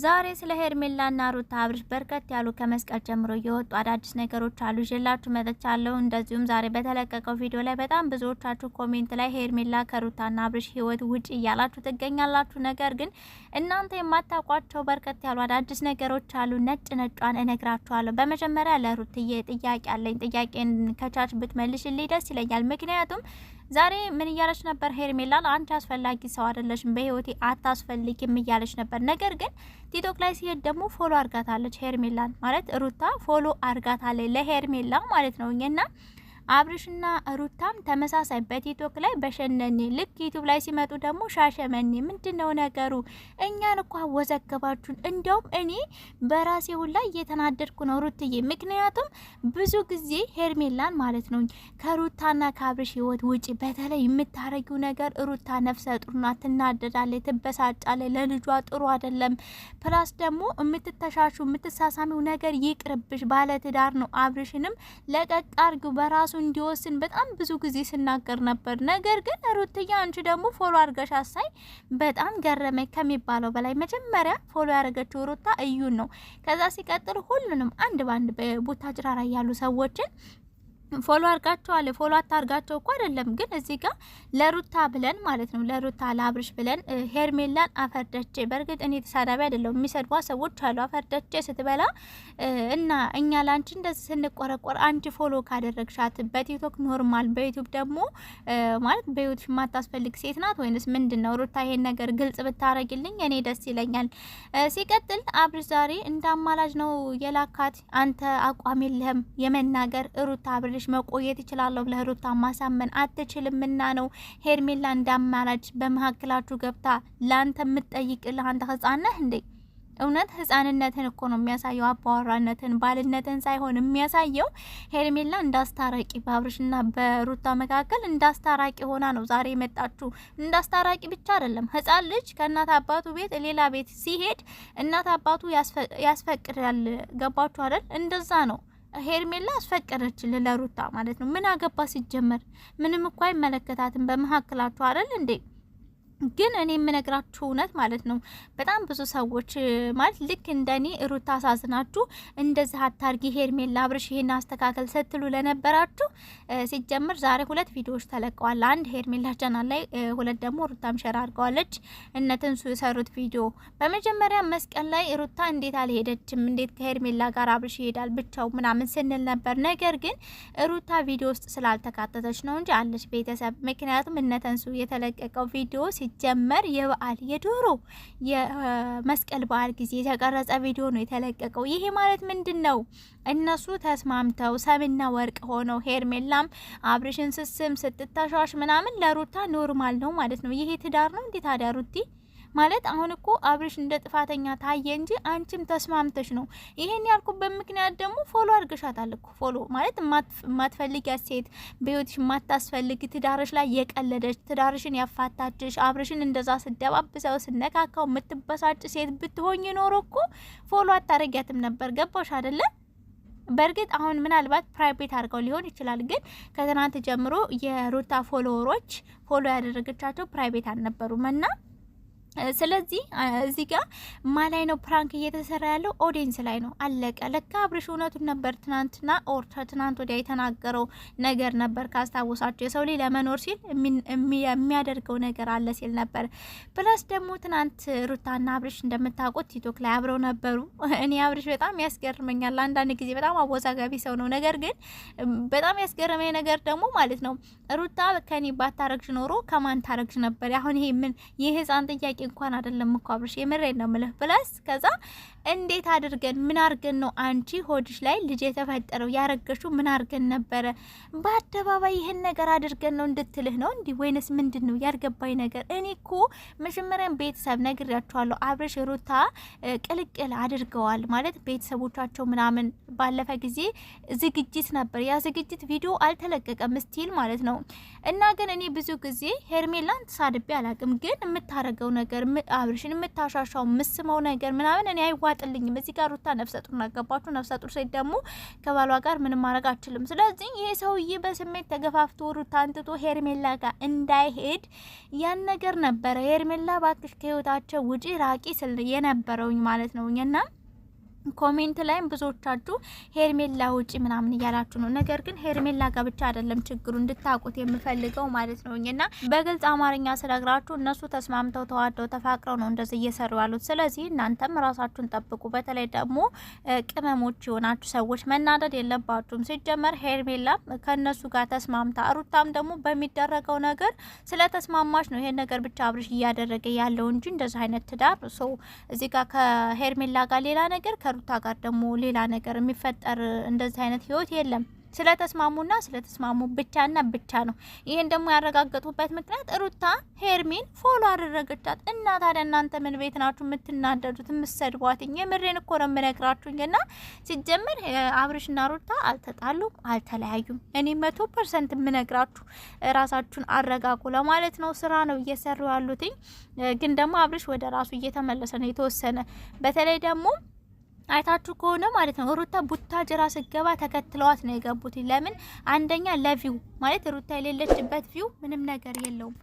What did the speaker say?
ዛሬ ስለ ሄርሜላና ሩታ አብርሽ በርከት ያሉ ከመስቀል ጀምሮ እየወጡ አዳዲስ ነገሮች አሉ ይዤላችሁ መጥቻለሁ። እንደዚሁም ዛሬ በተለቀቀው ቪዲዮ ላይ በጣም ብዙዎቻችሁ ኮሜንት ላይ ሄርሜላ ከሩታና አብርሽ ሕይወት ውጭ እያላችሁ ትገኛላችሁ። ነገር ግን እናንተ የማታውቋቸው በርከት ያሉ አዳዲስ ነገሮች አሉ። ነጭ ነጯን እነግራችኋለሁ። በመጀመሪያ ለሩትዬ ጥያቄ አለኝ። ጥያቄን ከቻች ብትመልሽልኝ ደስ ይለኛል። ምክንያቱም ዛሬ ምን እያለች ነበር? ሄርሜላን አንቺ አስፈላጊ ሰው አይደለሽም፣ በህይወቴ አታስፈልጊም እያለች ነበር። ነገር ግን ቲክቶክ ላይ ሲሄድ ደግሞ ፎሎ አርጋታለች። ሄርሜላን ማለት ሩታ ፎሎ አርጋታለች ለሄርሜላ ማለት ነው እና አብርሽና ሩታም ተመሳሳይ በቲክቶክ ላይ በሸነኔ ልክ ዩቱብ ላይ ሲመጡ ደግሞ ሻሸመኔ ምንድን ነው ነገሩ? እኛን እኳ ወዘገባችሁን። እንደውም እኔ በራሴ ሁላ እየተናደድኩ ነው ሩትዬ። ምክንያቱም ብዙ ጊዜ ሄርሜላን ማለት ነው ከሩታና ከአብርሽ ህይወት ውጭ በተለይ የምታረጊው ነገር ሩታ ነፍሰ ጡርና ናት፣ ትናደዳለች፣ ትበሳጫለች፣ ለልጇ ጥሩ አይደለም። ፕላስ ደግሞ የምትተሻሹ የምትሳሳሚው ነገር ይቅርብሽ። ባለትዳር ነው አብርሽንም ለቀቅ አርጊው በራሱ እንዲወስን በጣም ብዙ ጊዜ ስናገር ነበር። ነገር ግን ሩትያ አንቺ ደግሞ ፎሎ አድርገሽ አሳይ በጣም ገረመኝ ከሚባለው በላይ መጀመሪያ ፎሎ ያደረገችው ሩታ እዩን ነው። ከዛ ሲቀጥል ሁሉንም አንድ በአንድ በቡታጅራ ጅራራ ያሉ ሰዎችን ፎሎ አርጋቸዋለ ፎሎ አታርጋቸው እኮ አይደለም ግን እዚህ ጋር ለሩታ ብለን ማለት ነው ለሩታ ላብርሽ ብለን ሄርሜላን አፈርደቼ። በእርግጥ እኔ ተሳዳቢ አይደለሁም፣ የሚሰድቧ ሰዎች አሉ። አፈርደቼ ስትበላ እና እኛ ለአንቺ እንደዚህ ስንቆረቆር አንቺ ፎሎ ካደረግሻት በቲክቶክ ኖርማል፣ በዩቱብ ደግሞ ማለት በዩቱብ የማታስፈልግ ሴት ናት ወይንስ ምንድን ነው? ሩታ ይሄን ነገር ግልጽ ብታረግልኝ እኔ ደስ ይለኛል። ሲቀጥል አብርሽ ዛሬ እንደ አማላጅ ነው የላካት። አንተ አቋም የለህም የመናገር ሩታ አብርሽ አብሬሽ መቆየት ይችላለሁ ብለህ ሩታ ማሳመን አትችልምና ነው ሄርሜላ እንዳማላጅ በመካከላችሁ ገብታ ለአንተ የምትጠይቅልህ አንተ ህጻን ነህ እንዴ? እውነት ህጻንነትን እኮ ነው የሚያሳየው፣ አባወራነትን ባልነትን ሳይሆን የሚያሳየው ሄርሜላ እንዳስታራቂ በአብርሽና በሩታ መካከል እንዳስታራቂ ሆና ነው ዛሬ የመጣችሁ። እንዳስታራቂ ብቻ አይደለም፣ ህጻን ልጅ ከእናት አባቱ ቤት ሌላ ቤት ሲሄድ እናት አባቱ ያስፈቅዳል። ገባችሁ አይደል? እንደዛ ነው ሄርሜላ አስፈቀደችል ለሩታ ማለት ነው። ምን አገባ ሲጀመር? ምንም እኮ አይመለከታትም። በመሀከላችሁ አይደል እንዴ ግን እኔ የምነግራችሁ እውነት ማለት ነው በጣም ብዙ ሰዎች ማለት ልክ እንደኔ ሩታ አሳዝናችሁ እንደዚህ አታርጊ ሄርሜላ አብርሽ ይሄን አስተካከል ስትሉ ለነበራችሁ ሲጀምር ዛሬ ሁለት ቪዲዮዎች ተለቀዋል። አንድ ሄርሜላ ቻናል ላይ፣ ሁለት ደግሞ ሩታም ሸር አድርገዋለች እነ ትንሱ የሰሩት ቪዲዮ። በመጀመሪያ መስቀል ላይ ሩታ እንዴት አልሄደችም እንዴት ከሄርሜላ ጋር አብርሽ ይሄዳል ብቻው ምናምን ስንል ነበር። ነገር ግን ሩታ ቪዲዮ ውስጥ ስላልተካተተች ነው እንጂ አለች ቤተሰብ። ምክንያቱም እነ ትንሱ የተለቀቀው ቪዲዮ ሲጀመር የበዓል የዶሮ የመስቀል በዓል ጊዜ የተቀረጸ ቪዲዮ ነው የተለቀቀው። ይሄ ማለት ምንድን ነው? እነሱ ተስማምተው ሰምና ወርቅ ሆነው ሄርሜላም አብርሽን ስስም ስትታሻሽ ምናምን ለሩታ ኖርማል ነው ማለት ነው። ይሄ ትዳር ነው እንዴ ታዲያ ሩቲ? ማለት አሁን እኮ አብርሽ እንደ ጥፋተኛ ታየ እንጂ አንቺም ተስማምተሽ ነው። ይሄን ያልኩበት ምክንያት ደግሞ ፎሎ አድርገሻታል እኮ ፎሎ ማለት የማትፈልጊያት ሴት በህይወትሽ የማታስፈልግ ትዳርሽ ላይ የቀለደች ትዳርሽን ያፋታችሽ አብርሽን እንደዛ ስደባብሰው ስነካካው የምትበሳጭ ሴት ብትሆኝ ኖሮ እኮ ፎሎ አታረጊያትም ነበር። ገባሽ አይደለም? በእርግጥ አሁን ምናልባት ፕራይቬት አድርገው ሊሆን ይችላል። ግን ከትናንት ጀምሮ የሩታ ፎሎወሮች ፎሎ ያደረገቻቸው ፕራይቬት አልነበሩም እና ስለዚህ እዚህ ጋር ማ ላይ ነው ፕራንክ እየተሰራ ያለው? ኦዲንስ ላይ ነው። አለቀ። ለካ አብርሽ እውነቱን ነበር ትናንትና ኦርተ ትናንት ወዲያ የተናገረው ነገር ነበር። ካስታወሳቸው የሰው ልጅ ለመኖር ሲል የሚያደርገው ነገር አለ ሲል ነበር። ፕላስ ደግሞ ትናንት ሩታና አብርሽ እንደምታውቁት ቲቶክ ላይ አብረው ነበሩ። እኔ አብርሽ በጣም ያስገርመኛል። አንዳንድ ጊዜ በጣም አወዛጋቢ ሰው ነው። ነገር ግን በጣም ያስገርመኝ ነገር ደግሞ ማለት ነው ሩታ ከኔ ባታረግሽ ኖሮ ከማን ታረግሽ ነበር? አሁን ይሄ ምን ህፃን ጥያቄ እንኳን አይደለም እኮ አብርሽ የምሬን ነው ብለስ ከዛ እንዴት አድርገን ምን አርገን ነው አንቺ ሆድሽ ላይ ልጅ የተፈጠረው ያረገሹ ምን አርገን ነበረ በአደባባይ ይህን ነገር አድርገን ነው እንድትልህ ነው እንዲህ ወይንስ ምንድን ነው ያልገባኝ ነገር እኔ እኮ መጀመሪያም ቤተሰብ ነግሬያቸዋለሁ አብርሽ ሩታ ቅልቅል አድርገዋል ማለት ቤተሰቦቻቸው ምናምን ባለፈ ጊዜ ዝግጅት ነበር ያ ዝግጅት ቪዲዮ አልተለቀቀም ስቲል ማለት ነው እና ግን እኔ ብዙ ጊዜ ሄርሜላን ተሳድቤ አላቅም ግን የምታረገው ነገር ነገር አብርሽን የምታሻሻው ምስመው ነገር ምናምን እኔ አይዋጥልኝም። እዚህ ጋር ሩታ ነፍሰ ጡር ናገባችሁ። ነፍሰ ሴት ደግሞ ከባሏ ጋር ምንም ማድረግ አችልም። ስለዚህ ይሄ ሰውዬ በስሜት ተገፋፍቶ ሩታ አንትቶ ሄርሜላ ጋር እንዳይሄድ ያን ነገር ነበረ። ሄርሜላ ባክሽ ከህይወታቸው ውጪ ራቂ ስል የነበረውኝ ማለት ነው እና ኮሜንት ላይም ብዙዎቻችሁ ሄርሜላ ውጪ ምናምን እያላችሁ ነው። ነገር ግን ሄርሜላ ጋር ብቻ አይደለም ችግሩ፣ እንድታውቁት የምፈልገው ማለት ነው እና በግልጽ አማርኛ ስነግራችሁ እነሱ ተስማምተው ተዋደው ተፋቅረው ነው እንደዚህ እየሰሩ ያሉት። ስለዚህ እናንተም ራሳችሁን ጠብቁ። በተለይ ደግሞ ቅመሞች የሆናችሁ ሰዎች መናደድ የለባችሁም። ሲጀመር ሄርሜላ ከእነሱ ጋር ተስማምታ፣ ሩታም ደግሞ በሚደረገው ነገር ስለተስማማች ነው ይሄን ነገር ብቻ አብርሽ እያደረገ ያለው እንጂ እንደዚህ አይነት ትዳር ሰው እዚህ ጋር ከሄርሜላ ጋር ሌላ ነገር ከሩታ ጋር ደግሞ ሌላ ነገር የሚፈጠር እንደዚህ አይነት ህይወት የለም። ስለተስማሙና ስለተስማሙ ብቻና ብቻ ነው። ይህን ደግሞ ያረጋገጡበት ምክንያት ሩታ ሄርሚን ፎሎ አደረገቻት እና ታዲያ እናንተ ምን ቤት ናችሁ የምትናደዱት የምትሰድቧትኝ? የምሬን እኮ ነው የምነግራችሁኝ። ና ሲጀምር አብርሽና ሩታ አልተጣሉም፣ አልተለያዩም። እኔ መቶ ፐርሰንት የምነግራችሁ ራሳችሁን አረጋጉ ለማለት ነው። ስራ ነው እየሰሩ ያሉትኝ። ግን ደግሞ አብርሽ ወደ ራሱ እየተመለሰ ነው የተወሰነ በተለይ ደግሞ አይታችሁ ከሆነ ማለት ነው ሩታ ቡታ ጅራ ስገባ ተከትለዋት ነው የገቡት። ለምን አንደኛ ለቪው ማለት ሩታ የሌለችበት ቪው ምንም ነገር የለውም።